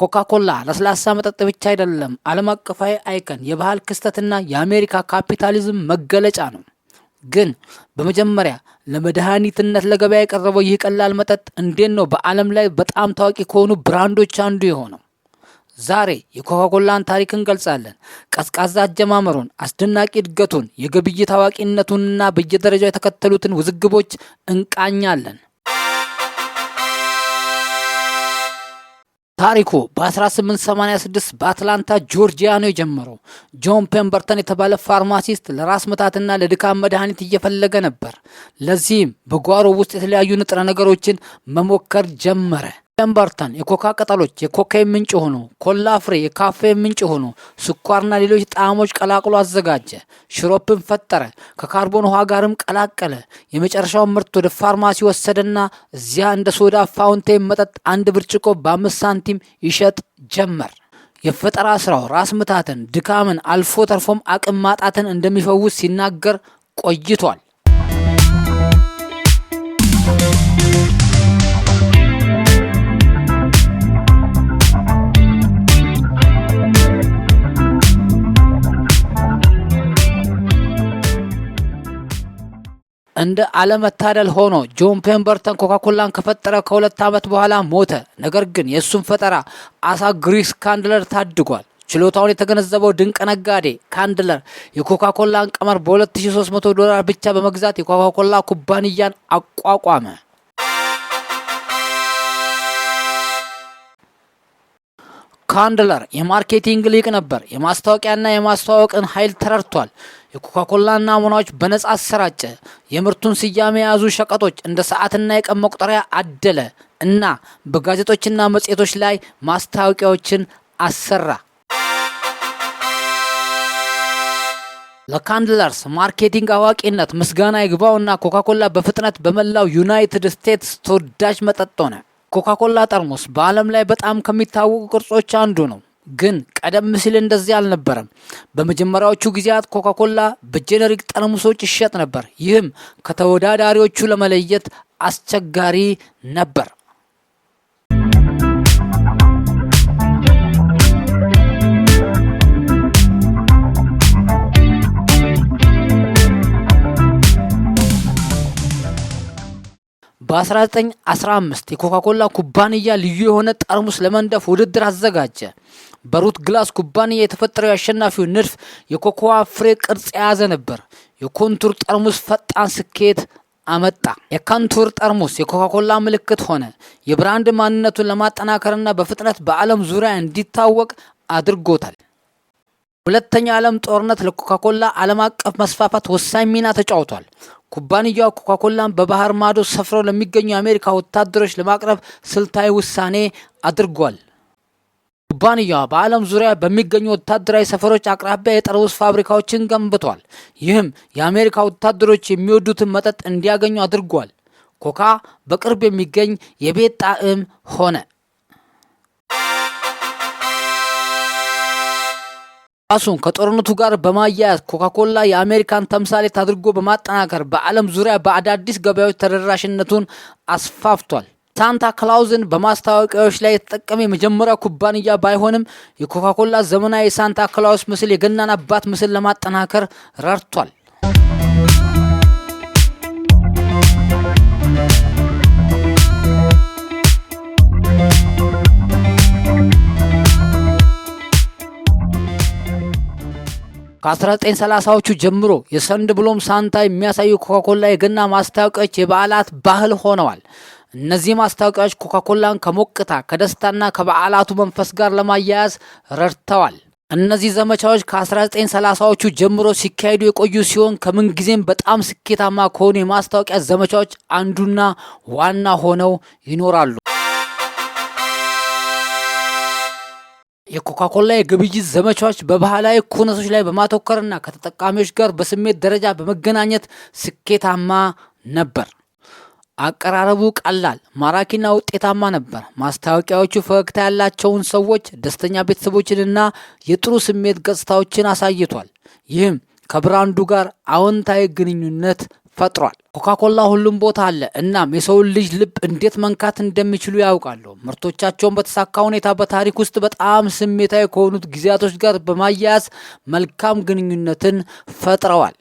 ኮካኮላ ለስላሳ መጠጥ ብቻ አይደለም፣ ዓለም አቀፋዊ አይከን፣ የባህል ክስተትና የአሜሪካ ካፒታሊዝም መገለጫ ነው። ግን በመጀመሪያ ለመድኃኒትነት ለገበያ የቀረበው ይህ ቀላል መጠጥ እንዴት ነው በዓለም ላይ በጣም ታዋቂ ከሆኑ ብራንዶች አንዱ የሆነው? ዛሬ የኮካኮላን ታሪክ እንገልጻለን። ቀዝቃዛ አጀማመሩን፣ አስደናቂ እድገቱን፣ የግብይት አዋቂነቱንና በየደረጃው የተከተሉትን ውዝግቦች እንቃኛለን። ታሪኩ በ1886 በአትላንታ ጆርጂያ ነው የጀመረው። ጆን ፔምበርተን የተባለ ፋርማሲስት ለራስ ምታትና ለድካም መድኃኒት እየፈለገ ነበር። ለዚህም በጓሮ ውስጥ የተለያዩ ንጥረ ነገሮችን መሞከር ጀመረ። ላምባርታን የኮካ ቅጠሎች የኮካይን ምንጭ ሆኖ ኮላ ፍሬ የካፌን ምንጭ ሆኖ ስኳርና ሌሎች ጣዕሞች ቀላቅሎ አዘጋጀ። ሽሮፕን ፈጠረ፣ ከካርቦን ውሃ ጋርም ቀላቀለ። የመጨረሻውን ምርት ወደ ፋርማሲ ወሰደና እዚያ እንደ ሶዳ ፋውንቴን መጠጥ አንድ ብርጭቆ በአምስት ሳንቲም ይሸጥ ጀመር። የፈጠራ ስራው ራስ ምታትን፣ ድካምን አልፎ ተርፎም አቅም ማጣትን እንደሚፈውስ ሲናገር ቆይቷል። እንደ አለመታደል ሆኖ ጆን ፔምበርተን ኮካኮላን ከፈጠረ ከሁለት ዓመት በኋላ ሞተ። ነገር ግን የእሱን ፈጠራ አሳ ግሪስ ካንድለር ታድጓል። ችሎታውን የተገነዘበው ድንቅ ነጋዴ ካንድለር የኮካኮላን ቀመር በ2300 ዶላር ብቻ በመግዛት የኮካኮላ ኩባንያን አቋቋመ። ካንድለር የማርኬቲንግ ሊቅ ነበር። የማስታወቂያና የማስተዋወቅን ኃይል ተረድቷል። የኮካኮላ ናሙናዎች በነጻ አሰራጨ። የምርቱን ስያሜ የያዙ ሸቀጦች እንደ ሰዓትና የቀን መቁጠሪያ አደለ እና በጋዜጦችና መጽሔቶች ላይ ማስታወቂያዎችን አሰራ። ለካንድለርስ ማርኬቲንግ አዋቂነት ምስጋና ይግባውና ኮካኮላ በፍጥነት በመላው ዩናይትድ ስቴትስ ተወዳጅ መጠጥ ሆነ። ኮካኮላ ጠርሙስ በዓለም ላይ በጣም ከሚታወቁ ቅርጾች አንዱ ነው። ግን ቀደም ሲል እንደዚህ አልነበረም። በመጀመሪያዎቹ ጊዜያት ኮካኮላ በጄኔሪክ ጠርሙሶች ይሸጥ ነበር። ይህም ከተወዳዳሪዎቹ ለመለየት አስቸጋሪ ነበር። በ1915 የኮካኮላ ኩባንያ ልዩ የሆነ ጠርሙስ ለመንደፍ ውድድር አዘጋጀ። በሩት ግላስ ኩባንያ የተፈጠረው የአሸናፊው ንድፍ የኮኮዋ ፍሬ ቅርጽ የያዘ ነበር። የኮንቱር ጠርሙስ ፈጣን ስኬት አመጣ። የካንቱር ጠርሙስ የኮካኮላ ምልክት ሆነ። የብራንድ ማንነቱን ለማጠናከርና በፍጥነት በዓለም ዙሪያ እንዲታወቅ አድርጎታል። ሁለተኛው የዓለም ጦርነት ለኮካኮላ ዓለም አቀፍ መስፋፋት ወሳኝ ሚና ተጫውቷል። ኩባንያው ኮካኮላን በባህር ማዶ ሰፍረው ለሚገኙ የአሜሪካ ወታደሮች ለማቅረብ ስልታዊ ውሳኔ አድርጓል። ኩባንያዋ በዓለም ዙሪያ በሚገኙ ወታደራዊ ሰፈሮች አቅራቢያ የጠርሙስ ፋብሪካዎችን ገንብቷል። ይህም የአሜሪካ ወታደሮች የሚወዱትን መጠጥ እንዲያገኙ አድርጓል። ኮካ በቅርብ የሚገኝ የቤት ጣዕም ሆነ። ራሱን ከጦርነቱ ጋር በማያያዝ ኮካኮላ የአሜሪካን ተምሳሌት አድርጎ በማጠናከር በዓለም ዙሪያ በአዳዲስ ገበያዎች ተደራሽነቱን አስፋፍቷል። ሳንታ ክላውዝን በማስታወቂያዎች ላይ የተጠቀመ የመጀመሪያ ኩባንያ ባይሆንም የኮካኮላ ዘመናዊ የሳንታ ክላውስ ምስል የገናን አባት ምስል ለማጠናከር ረድቷል። ከ1930ዎቹ ጀምሮ የሰንድ ብሎም ሳንታ የሚያሳዩ ኮካኮላ የገና ማስታወቂያዎች የበዓላት ባህል ሆነዋል። እነዚህ ማስታወቂያዎች ኮካኮላን ከሞቅታ ከደስታና ከበዓላቱ መንፈስ ጋር ለማያያዝ ረድተዋል። እነዚህ ዘመቻዎች ከ1930ዎቹ ጀምሮ ሲካሄዱ የቆዩ ሲሆን ከምንጊዜም በጣም ስኬታማ ከሆኑ የማስታወቂያ ዘመቻዎች አንዱና ዋና ሆነው ይኖራሉ። የኮካኮላ የግብይት ዘመቻዎች በባህላዊ ኩነቶች ላይ በማተኮርና ከተጠቃሚዎች ጋር በስሜት ደረጃ በመገናኘት ስኬታማ ነበር። አቀራረቡ ቀላል፣ ማራኪና ውጤታማ ነበር። ማስታወቂያዎቹ ፈገግታ ያላቸውን ሰዎች፣ ደስተኛ ቤተሰቦችንና የጥሩ ስሜት ገጽታዎችን አሳይቷል። ይህም ከብራንዱ ጋር አዎንታዊ ግንኙነት ፈጥሯል። ኮካኮላ ሁሉም ቦታ አለ። እናም የሰውን ልጅ ልብ እንዴት መንካት እንደሚችሉ ያውቃሉ። ምርቶቻቸውን በተሳካ ሁኔታ በታሪክ ውስጥ በጣም ስሜታዊ ከሆኑት ጊዜያቶች ጋር በማያያዝ መልካም ግንኙነትን ፈጥረዋል።